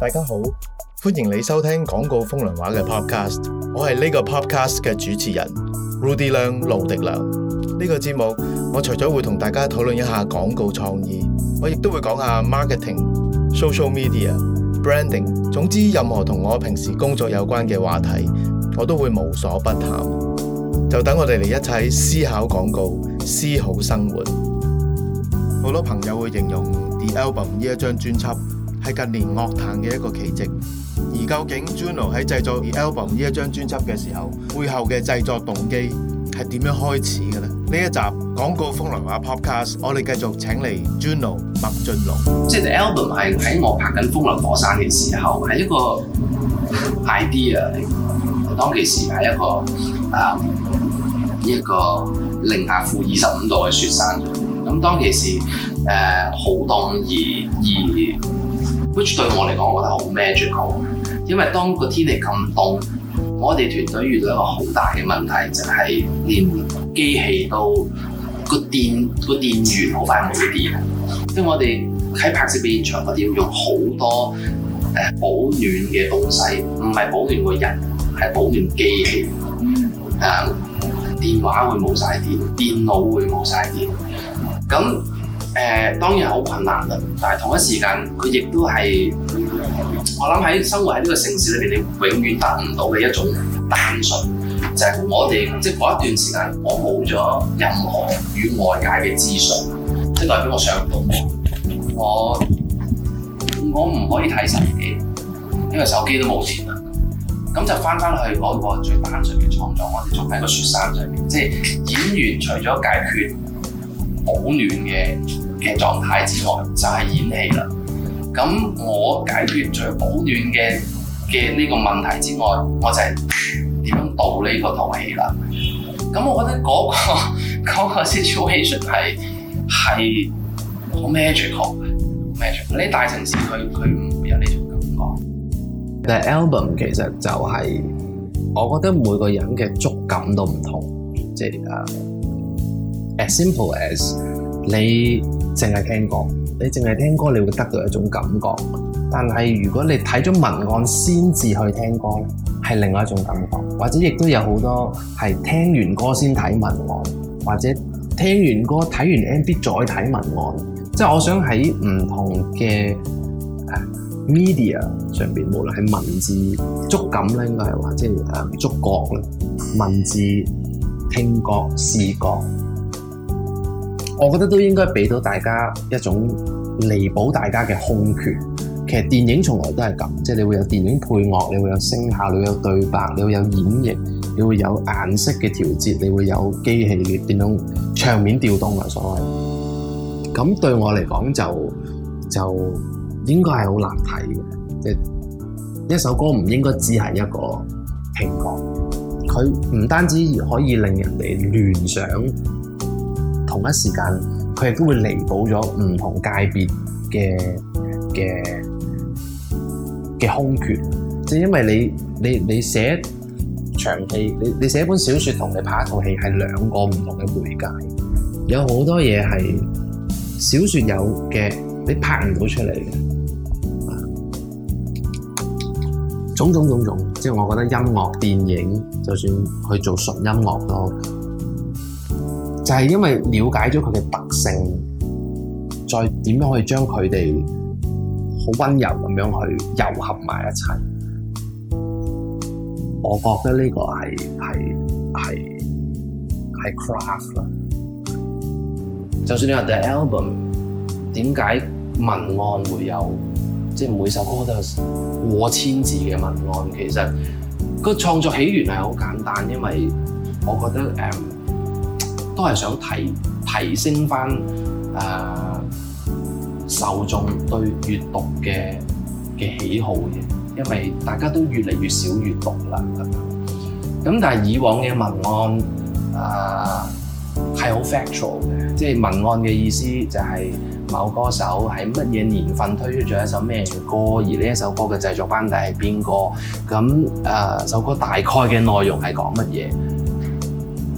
大家好，歡迎你收聽廣告風涼話嘅 podcast，我係呢個 podcast 嘅主持人 Rudy Leung，梁路迪。這個節目，我除咗會同大家討論一下廣告創意，我亦都會講一下 marketing、social media、branding，總之任何同我平時工作有關嘅話題，我都會無所不談。就等我哋嚟一齊思考廣告，思考生活。好多朋友會形容 The Album 呢一張專輯係近年樂壇嘅一個奇蹟，而究竟 Juno 喺製作《The Album》呢一張專輯嘅時候，背後嘅製作動機係點樣開始嘅呢？呢一集廣告風林話 Podcast，我哋繼續請嚟 Juno 麥俊龍。即係《The Album》係喺我拍緊《風林火山》嘅時候，係一個 idea 嚟。當其時係一個啊，一個零下負二十五度嘅雪山。咁當其時誒，好凍而而。Which 對我嚟講，我覺得好 magical。因為當個天氣咁凍，我哋團隊遇到一個好大嘅問題，就係、是、連機器都，個電個電源好快冇電。即係我哋喺拍攝現場，我哋要用好多誒、呃、保暖嘅東西，唔係保暖個人，係保暖機器。啊、呃，電話會冇晒電，電腦會冇晒電。咁誒當然係好困難嘅，但係同一時間佢亦都係我諗喺生活喺呢個城市裏邊，你永遠達唔到嘅一種單純，就係我哋即係一段時間，我冇咗任何與外界嘅資訊，即係代表我上唔到網，我我唔可以睇手機，因為手機都冇電啦。咁就翻返去攞個最單純嘅創作，我哋仲喺個雪山上面，即係演員除咗解決。保暖嘅嘅狀態之外，就係演戲啦。咁我解決咗保暖嘅嘅呢個問題之外，我就係點樣導呢個套戲啦。咁我覺得嗰個嗰個 situation 係係好 magical，好 magical。喺大城市佢佢唔會有呢種感覺。The album 其實就係我覺得每個人嘅觸感都唔同，即係誒。As simple as 你淨係聽歌，你淨係聽歌，你會得到一種感覺。但係如果你睇咗文案先至去聽歌咧，係另外一種感覺。或者亦都有好多係聽完歌先睇文案，或者聽完歌睇完 MV 再睇文案。即係我想喺唔同嘅 media 上邊，無論係文字觸感咧，應該係話即係誒觸覺咧，文字聽覺視覺。我覺得都應該畀到大家一種彌補大家嘅空缺。其實電影從來都係咁，即係你會有電影配樂，你會有聲效，你會有對白，你會有演繹，你會有顏色嘅調節，你會有機器嘅變動，種場面調動嚟所謂。咁對我嚟講就就應該係好難睇嘅。即一首歌唔應該只係一個聽覺，佢唔單止可以令人哋聯想。同一時間，佢亦都會彌補咗唔同界別嘅嘅嘅空缺。即係因為你你你寫場戲，你你寫一本小説同你拍一套戲係兩個唔同嘅媒介。有好多嘢係小説有嘅，你拍唔到出嚟嘅。種種種種，即係我覺得音樂電影，就算去做純音樂都好。就係因為了解咗佢嘅特性，再點樣可以將佢哋好溫柔咁樣去糅合埋一齊，我覺得呢個係係係係 craft 啦。就算你話 The Album 點解文案會有即係、就是、每首歌都有過千字嘅文案，其實個創作起源係好簡單，因為我覺得誒。都係想提提升翻啊、呃，受眾對閱讀嘅嘅喜好嘅，因為大家都越嚟越少閱讀啦。咁但係以往嘅文案啊係、呃、好 factual 嘅，即係文案嘅意思就係某歌手喺乜嘢年份推出咗一首咩歌，而呢一首歌嘅製作班底係邊個？咁誒、呃、首歌大概嘅內容係講乜嘢？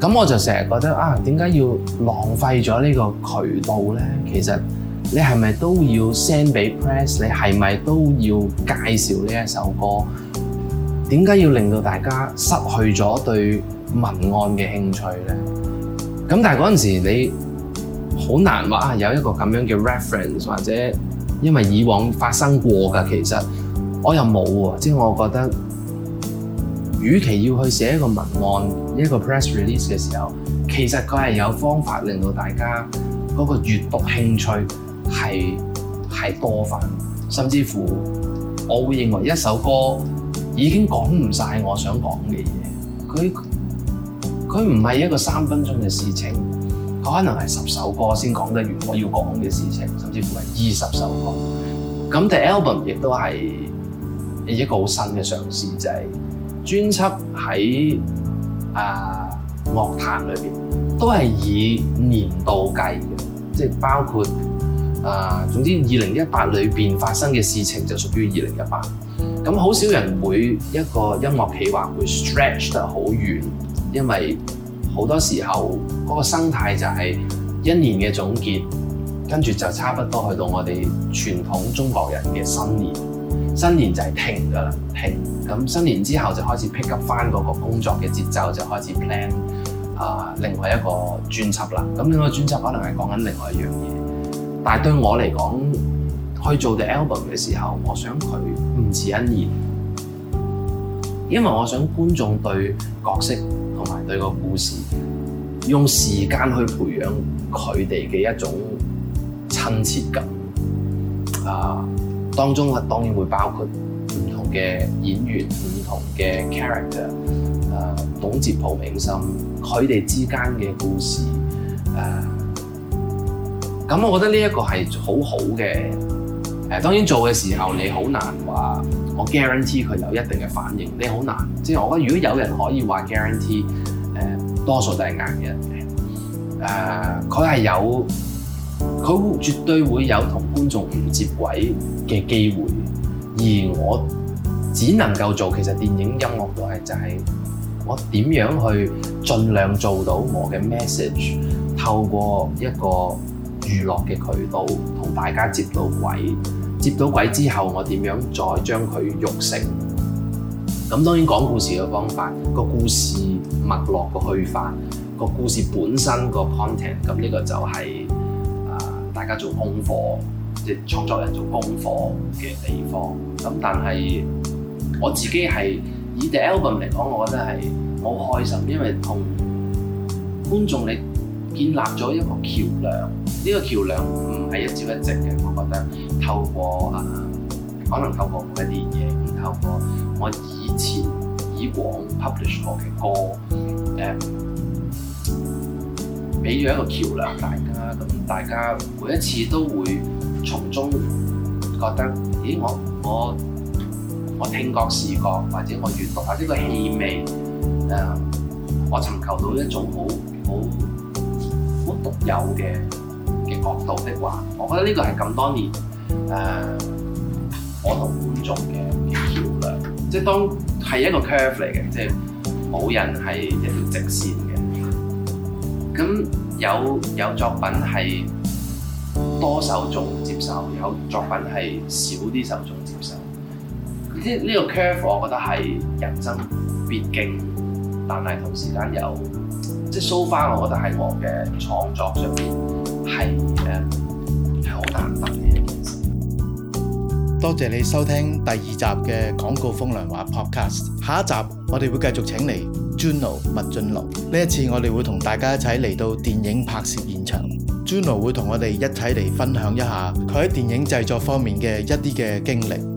咁我就成日覺得啊，點解要浪費咗呢個渠道咧？其實你係咪都要 send 俾 press？你係咪都要介紹呢一首歌？點解要令到大家失去咗對文案嘅興趣咧？咁但係嗰陣時你好難話啊，有一個咁樣嘅 reference，或者因為以往發生過㗎，其實我又冇喎。即係我覺得。與其要去寫一個文案，一個 press release 嘅時候，其實佢係有方法令到大家嗰個閱讀興趣係係多翻，甚至乎我會認為一首歌已經講唔晒我想講嘅嘢。佢佢唔係一個三分鐘嘅事情，佢可能係十首歌先講得完我要講嘅事情，甚至乎係二十首歌。咁 The Album 亦都係一個好新嘅嘗試，就係。專輯喺啊樂壇裏邊都係以年度計嘅，即係包括啊，總之二零一八裏面發生嘅事情就屬於二零一八。咁好少人會一個音樂企劃會 stretch 得好遠，因為好多時候嗰個生態就係一年嘅總結，跟住就差不多去到我哋傳統中國人嘅新年。新年就係停㗎啦，停。咁新年之後就開始 pick up 翻嗰個工作嘅節奏，就開始 plan 啊、呃、另外一個專輯啦。咁另外一個專輯可能係講緊另外一樣嘢。但係對我嚟講，去做 The Album 嘅時候，我想佢唔止一年，因為我想觀眾對角色同埋對個故事，用時間去培養佢哋嘅一種親切感啊。呃當中當然會包括唔同嘅演員、唔同嘅 character，誒、呃，董潔、蒲銘心，佢哋之間嘅故事，誒、呃，咁我覺得呢一個係好好嘅，誒、呃，當然做嘅時候你好難話，我 guarantee 佢有一定嘅反應，你好難，即、就、係、是、我覺得如果有人可以話 guarantee，誒、呃，多數都係硬嘅，誒、呃，佢係有。佢會絕對會有同觀眾唔接軌嘅機會，而我只能夠做，其實電影音樂都係就係我點樣去盡量做到我嘅 message，透過一個娛樂嘅渠道同大家接到軌，接到軌之後我點樣再將佢育成，咁當然講故事嘅方法，個故事脈絡個去化，個故事本身個 content，咁呢個就係、是。家做功課，即係創作人做功課嘅地方。咁但係我自己係以 The Album 嚟講，我覺得係好開心，因為同觀眾你建立咗一個橋梁。呢、這個橋梁唔係一朝一夕嘅，我覺得透過啊、呃，可能透過一啲嘢，唔透過我以前以往 publish 我嘅歌。呃俾咗一個橋梁，大家咁大家每一次都會從中覺得，咦我我我聽覺視覺或者我閱讀或者個氣味，誒、呃，我尋求到一種好好好獨有嘅嘅角度的話，我覺得呢個係咁多年誒、呃、我同觀眾嘅嘅橋梁，即係當係一個 curve 嚟嘅，即係冇人係一條直線嘅。咁有有作品係多受眾接受，有作品係少啲受眾接受。呢、這、呢個 curve 我覺得係人生必經，但係同時間有即係 so far，我覺得喺我嘅創作上面係誒係好難得嘅一件事。多謝你收聽第二集嘅廣告風涼話 podcast，下一集我哋會繼續請你。Juno 麥浚龍，呢一次我哋會同大家一齊嚟到電影拍攝現場。Juno 會同我哋一齊嚟分享一下佢喺電影製作方面嘅一啲嘅經歷。